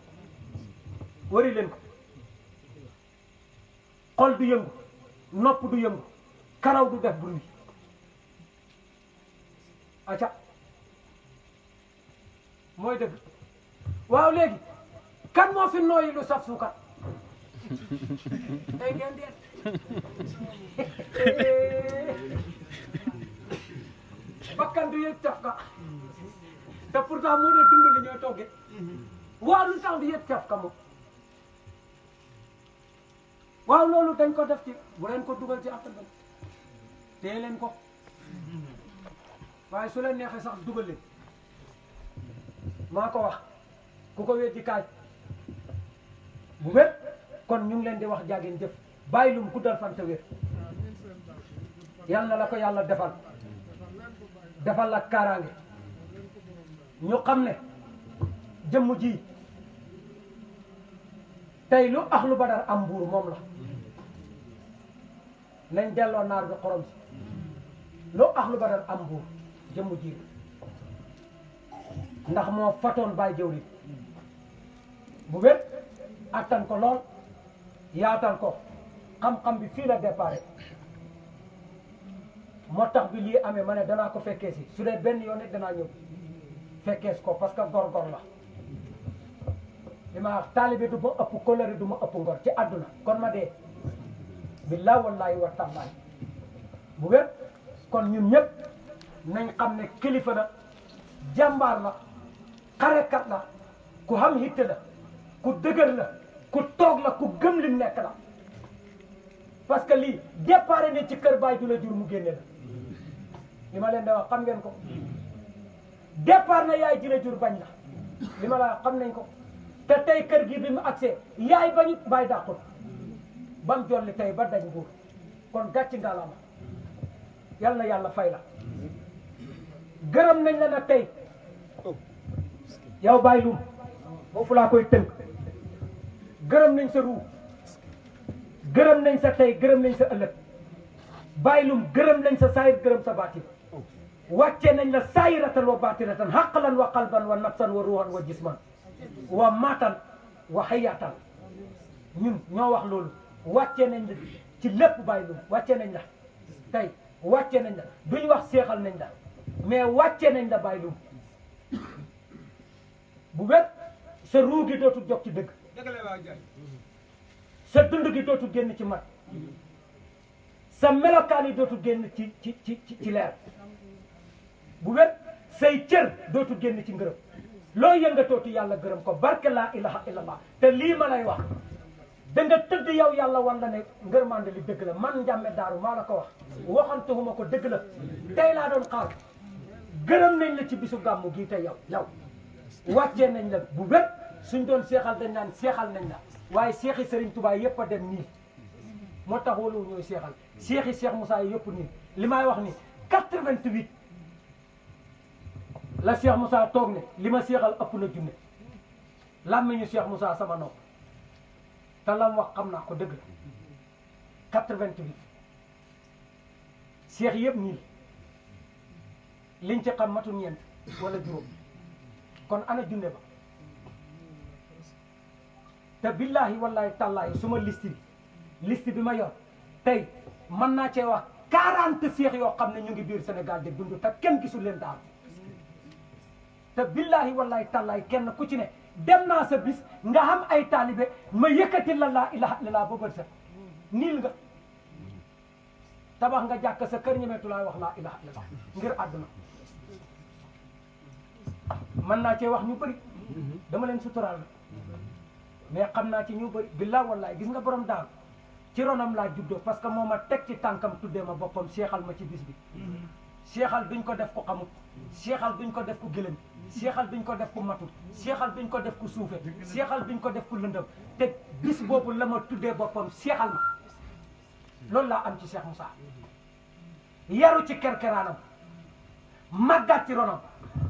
wari len ko xol du yëngu nopp du yëngu karaw du def bruit aca mooy dëgg waaw léegi kan moo fi nooyi lu saf suukar day ngeen dee bakkan du yëg caf ka te pourtant moo dee dund li togge waaw lu tax du yëg caf ka waaw loolu dañ ko def ci bu ko dugal ci affaire tee leen ko waaye su leen neexee sax dugal leen maa ko wax ku ko weddi kaaj bu wér kon ñu ngi leen di wax jaageen jëf bàyyi lum guddal fan te wér na la ko yàlla defal defal la kaaraange ñu xam ne jëmm ji tey lu axlu badar am mbuur moom la nañ delloo naar bi xorom si loo ahlu badar am buur jëmm ji ndax moo fatoon bàyyi jëwri bu attan ko lool yaatal ko xam-xam bi fii la déparé moo tax bi lii amee ma ne danaa ko fekkee si su dee benn yoon it danaa ñëw fekkees ko parce que gor-gor la li ma wax taalibe du ma ëpp kóllëre du ma ëpp ngor ci àdduna kon ma dee billaa wallaahi wa taalaay bu kon ñun ñëpp nañ xam ne kilifa la jàmbaar la xarekat la ku xam hitte la ku dëgër la ku toog la ku gëm lim nekk la parce que lii déparé ne ci kër baay ju la jur mu génne la li ma leen da wax xam ngeen ko départ na yaay ji la jur bañ la li ma la xam nañ ko te tey kër gi bi mu accès yaay bañut baay dàqut ba mu jolli tey ba dañ buur kon gàcci ngalaama yal na yàlla fay la gërëm nañ la nag tey yow bàyyi lum foofu laa koy tënk gërëm nañ sa ruu gërëm nañ sa tey gërëm nañ sa ëllëg bàyyi lum gërëm nañ sa saayir gërëm sa baatin wàccee nañ la saayiratan wa baatinatan xaqlan wa qalban wa nafsan wa ruuxan wa jisman wa maatan wa xayaatan ñun ñoo wax loolu wàccee nañ la ci lépp bàyyi lum wàccee nañ la tey wàcce nañ la duñ wax seexal nañ la mais wàcce nañ la bàyyi lum bu wet sa ruu gi dootu jog ci dëgg sa dund gi dootu génn ci mat sa melokaan yi dootu génn ci ci ci ci ci leer bu wet say cër dootu génn ci ngërëm looy yëngatootu yàlla gërëm ko barke laa ilaha illallah te lii ma lay wax da nga tëdd yow yàlla wan la ne ngërmande li dëgg la man njàmme daaru maa la ko wax waxantuhuma ko dëgg la tey laa doon xaar gërëm nañ la ci bisu gàmmu gii tey yow yow wàccee nañ la bu wér suñ doon seexal dañ naan seexal nañ la waaye seexi Serigne Touba yëpp a dem nii moo tax wala ñooy seexal seexi seex Moussa yëpp nii li may wax ni 88 la Cheikh Moussa toog ne li ma seexal ëpp na junne làmmiñu Cheikh Moussa sama nopp te la mu naa ko dëgg la 88 seex yëpp nii liñ ci xam matul ñeent wala juróom kon ana junne ba te billaahi wallaahi tallaahi suma liste bi liste bi ma yor tey man naa cee wax quarante seex yoo xam ne ñu ngi biir senegal de dund ta kenn gisul leen daal te billaahi wallaahi tallaahi kenn ku ci ne dem naa sa bis nga xam ay taalibe ma yëkkati la laa ilaha illallah ba bët set niil nga tabax nga jàkk sa kër ñemeetu laa wax laa ilaha illallah ngir àdduna mën naa cee wax ñu bëri dama leen suturaal mais xam naa ci ñu bëri billaa wallaay gis nga borom daal ci ronam laa juddoo parce que moo ma teg ci tànkam tuddee ma boppam seexal ma ci bis bi seexal duñ ko def ko xamut seexal duñ ko def ko gëlëm seexal biñ ko def ku matut seexal biñ ko def ku suufe seexal biñ ko def ku lëndëm te bis boobu la ma tuddee boppam seexal ma loolu laa am ci Cheikh Moussa yaru ci kerkeraanam màggaat ci ronam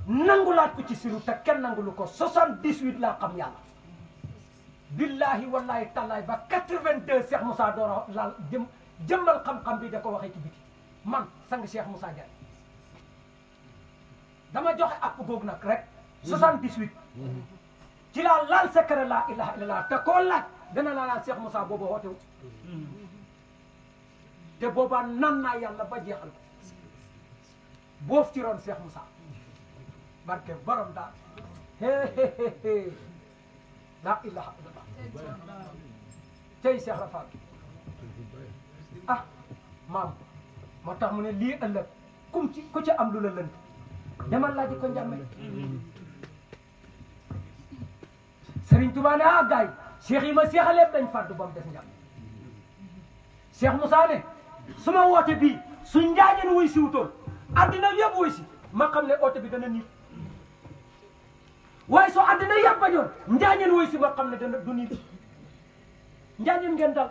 nangulaat ko ci siru te kenn nangulu ko soixante-dix-huit laa xam yàlla billahi wallahi tallaay ba quatre-vingt-deux Cheikh Moussa door a laal jëm jëmmal xam-xam bi da ko waxee ci biti man sang Cheikh Moussa Diagne dama joxe app boobu nag rek. 78. ci la laal secret la ilaha illallah te ko la dana la la Cheikh Moussa bobo woote hmm. te boba nan na yalla ba jexal ko. ci ron Cheikh Moussa barke borom he la ilaha illallah. tay Cheikh Rafaal ah mam motax tax mu ne li ëllëg kum ci ko ci am lu la demal lagi dikkoon jaamme Serin tu mana ah Syekh Cheikh syekh ma seexalee dañ fàddu ba mu des njàmm Cheikh Moussa ne su ma woote bii su njaajeen wuy si wutoon addina yëpp wuy si ma xam ne oote bi dana niit waaye soo addina yëpp bañoon njaajeen wuy si makam le ne dana du niit njaajeen ngeen dal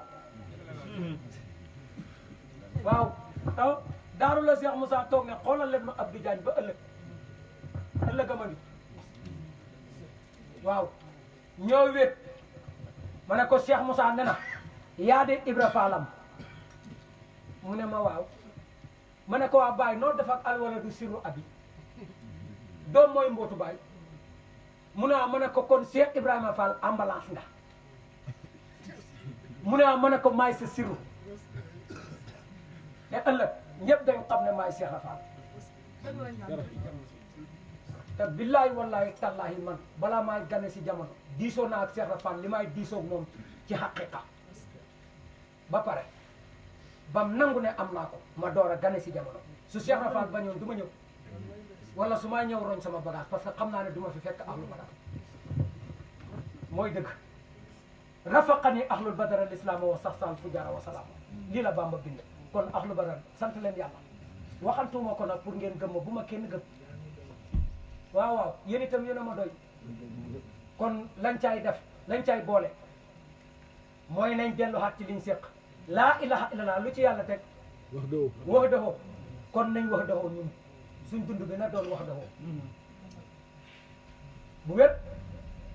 waaw taw daaru la Cheikh Moussa toog ne xoolal leen ma Abdou Diagne ba ëllëg ëllëg ma ngi waaw ñoo wéet ma ne ko Cheikh Moussa ne na yaa de Ibra Fallam mu ne ma waaw ma ne ko waa Baye noo def ak alwaladu siru abi doom mooy mbootu Baye mu ne ma ne ko kon Cheikh Ibrahima Fall ambulance nga mu ne ma ne ko maay sa siru te ëllëg ñëpp dañ xam ne maay Cheikh Fall te billaay wallaay tallaahi man balaa maay gane si jamono diisoo naa ak Cheikh Rafaan li maay diisoo moom ci xaqiqa ba pare bam nangu ne am naa ko ma door a gane si jamono su Cheikh Rafaan bañoon du ma ñëw wala su may ñëw roñ sama bagage parce que xam naa ne du ma fi fekk ahlul badar mooy dëgg rafaqani ahlul badar al islaama wa saxsaan fujaara wa salaama lii la Bamba bind kon ahlul badar sant leen yàlla waxantuma ko nag pour ngeen gëm ma bu ma kenn gëm waaw waaw yéen itam yéen a ma doy kon lañ caay def lañ caay boole mooy nañ delluwaat ci liñ séq laa ilaha illallah lu ci yàlla teg wax dëxoo kon nañ wax dëxoo ñun suñ dund bi na doon wax dëxoo bu wet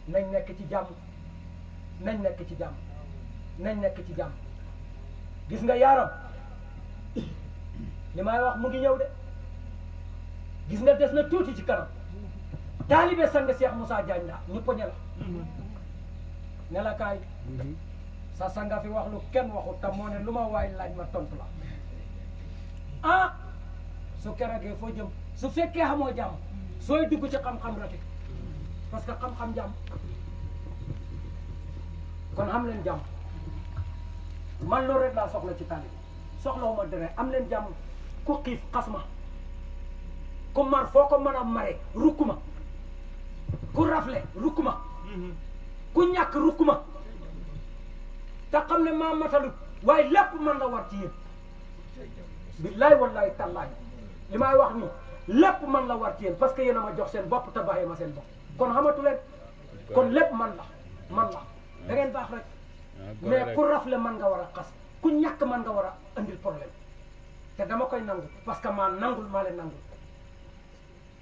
nañ nekk ci jàmm nañ nekk ci jàmm nañ nekk ci jàmm gis nga yaaram li may wax mu ngi ñëw de gis nga des na tuuti ci kanam talibé sang Cheikh Moussa Diagne la ñu poñe la ne la mhm. sa sanga fi wax lu kenn waxu ta mo ne luma way laaj ma tontu la ah su ge foo jëm su fekkee xamo jàmm soy dugg ci xam-xam rafet parce que xam-xam jàmm kon am leen jàmm man lo rek la soxla ci soxla soxlawuma dara am leen jàmm ku xif xas ku mar foko ko maré rukuma mare ku rafle rukk ma ku ñàkk rukk ma te xam ne maa matalut waaye lépp man la war ci yéen billaay wallaay tallaay li may wax nii lépp man la war ci parce que yéen a ma jox seen bopp te bàyyee ma seen bopp kon xamatu leen kon lépp man la man la da ngeen baax rek mais ku rafle man nga war a xas ku ñàkk man nga war a andil problème te dama koy nangu parce que maa nangul maa leen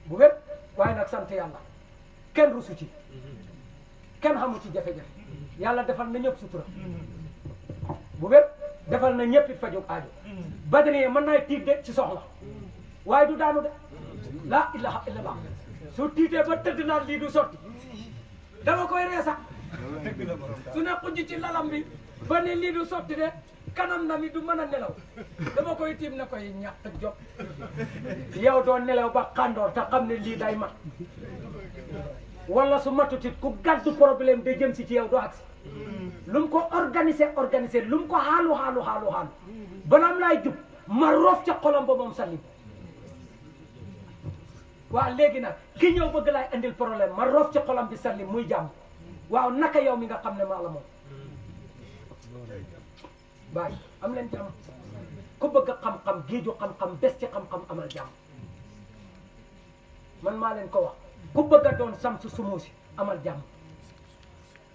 bu wépp waaye nag sant yàlla kenn rusu ci kenn xamu ci jafe-jafe yàlla defal na ñëpp sutura bu wér defal na ñëpp it fajog aajo badri yi mën naa tiit de ci soxla waaye du daanu de laa ilaha illallah su tiitee ba tëdd naan lii du sotti dama koy ree sax su ne xujj ci lalam bi ba ne lii du sotti de kanam na du mën a nelaw dama koy tiim na koy ñàkk jop yow doo nelaw ba xàndoor te xam ne lii day mat wala su matutit ku gaddu problème be jëm ci ci yow do ak lum ko organiser organiser lum ko halu halu halu xaalu balaam lay djub ma rof ci xolam bo mom sali wa legui nak ki ñew bëgg lay andil problème ma rof ci xolam bi sali muy jam waaw naka yow mi nga xamne ma la mom bay am leen jàmm ku bëgg xam-xam géeju xam-xam bes ci xam-xam amal jam. man ma len ko wax ku bëgg a doon samsu sumoosi amal jàmm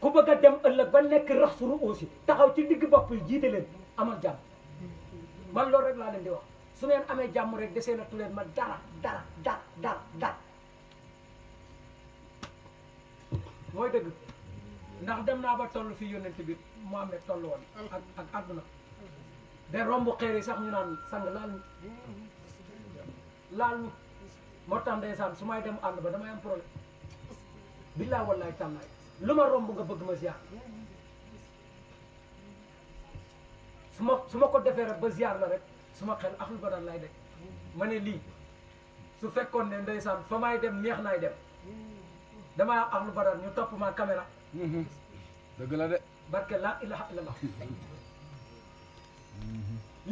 ku a dem ëllëg ba nekk rax suru aussi taxaw ci digg bopp yi jiite leen amal jàmm man loolu rek laa leen di wax su ngeen amee jàmm rek desee na leen ma dara dara dara dara dara mooy dëgg ndax dem naa ba toll fi yónnent mu Muhammad toll woon ak ak àdduna de romb xeer yi sax ñu naan sang laal ñu laal ñu moo tax ndeysaan su may dem ànd ba damay am problème billaay wallaay tàllaay lu ma romb nga bëgg ma ziar su ma su ma ko defee rek ba ziar la rek su ma xel axul ba daan lay def ma ne lii su fekkoon ne ndeysaan fa may dem neex naay dem damaa am lu baral ñu topp ma caméra. Mhm. dëgg la de. barke laa ilaha illallah.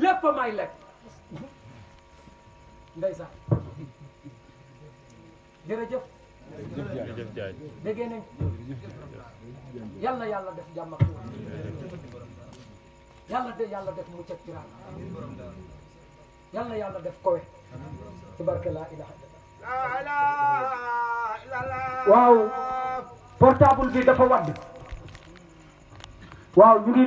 lépp may lekk ndeysaan. jërëjëf. jërëjëf Diagne déggee nañ. yal yàlla def jàmm ak yàlla def mu cëkk tiraan yal yàlla def kowe ci barke laa ilaha waaw portable bi dafa wadd